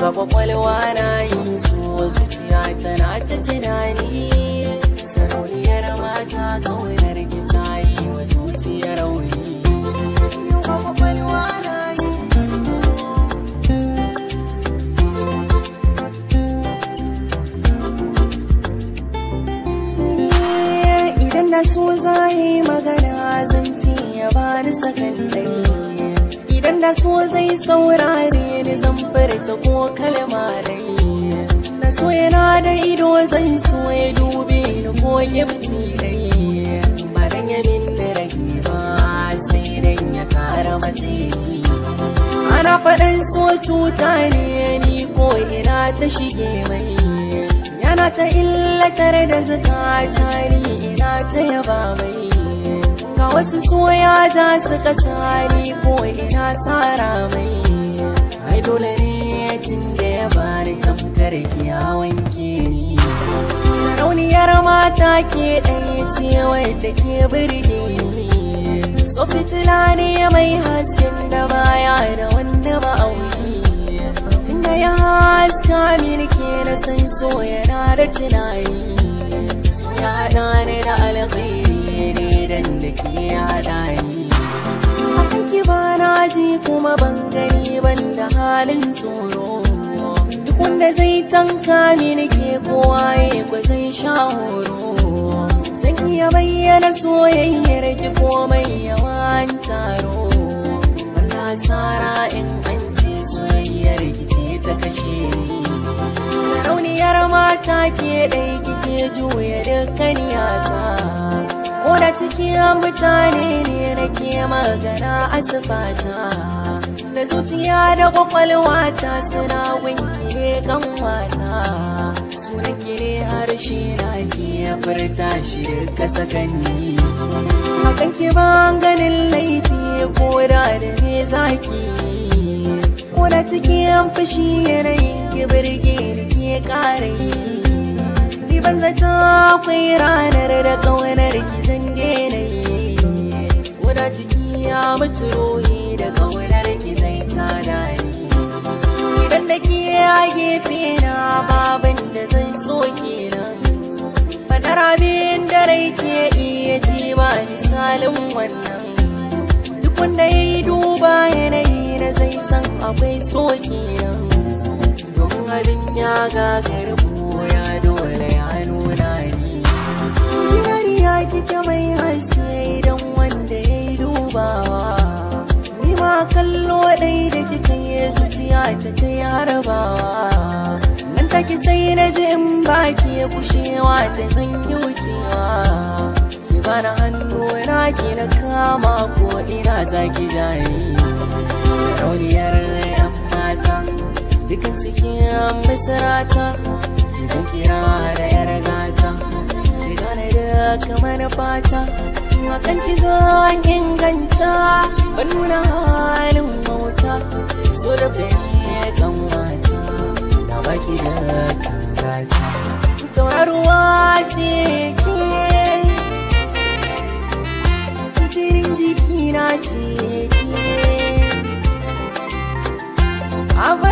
ga kwakwalwa na yi su, so zuciya tana ta tunani sarauniyar mata kawai na rikita yi wa zuciya rauni idan na so za yi magana zan ci ya bani sakandare wanda so zai saurare ni zan furta ko kalmarai na so yana da ido zai so ya dubi ni ko kifti dai ba ya min da rage ba sai dan ya kara mace ana faɗan so cuta ne ni ko ina ta shige mai yana ta illatar da zakata ni ina ta yaba mai wasu soya za su kasari ko ina tsara mai ai dole ne tun da ya bani tamkar kiyawan ni sarauniyar mata ke ɗaya ce ke birge ni so fitila ne mai hasken da baya da wanda ba auyi tun da ya haska mini na san so yana da tunani halin tsoro duk wanda zai tanka ni nake kowa ya kwa zai sha horo zan iya bayyana soyayyar ki komai yawan taro wala sara in an ce soyayyar ki ce ta kashe ni sarauniyar mata ke ɗai kike juya dukkan ko da cikin mutane ne nake magana asibata da zuciya da kwakwalwa ta suna wanki kan mata su nake ne harshe na ke ya furta shi duka sakanni hakan ki ba ganin laifi ko da da me zaki ko ciki an fushi yanayin ki birge da ke ƙarai ribar zata akwai ranar da ƙaunar ke gefe na babin da zan so kenan fadar abin da rai ke iya ji ba misalin wannan duk wanda ya yi duba yanayi na zai san akwai so kenan domin abin ya gagaru kallo ɗai da kika yi zuciya ta ta yarabawa nan take sai na ji in baki ya kushewa ta zan yi wucewa ki bana hannu raki na kama ko ina zaki jari sarauniyar yan mata dukan cikin misrata zan kira da yar gata ki gane da kamar fata Akan fi zan inganta ban nuna halin mauta so da bai kan mata na baki da kata. Tauraruwa ce ke jirin jiki na ce ke.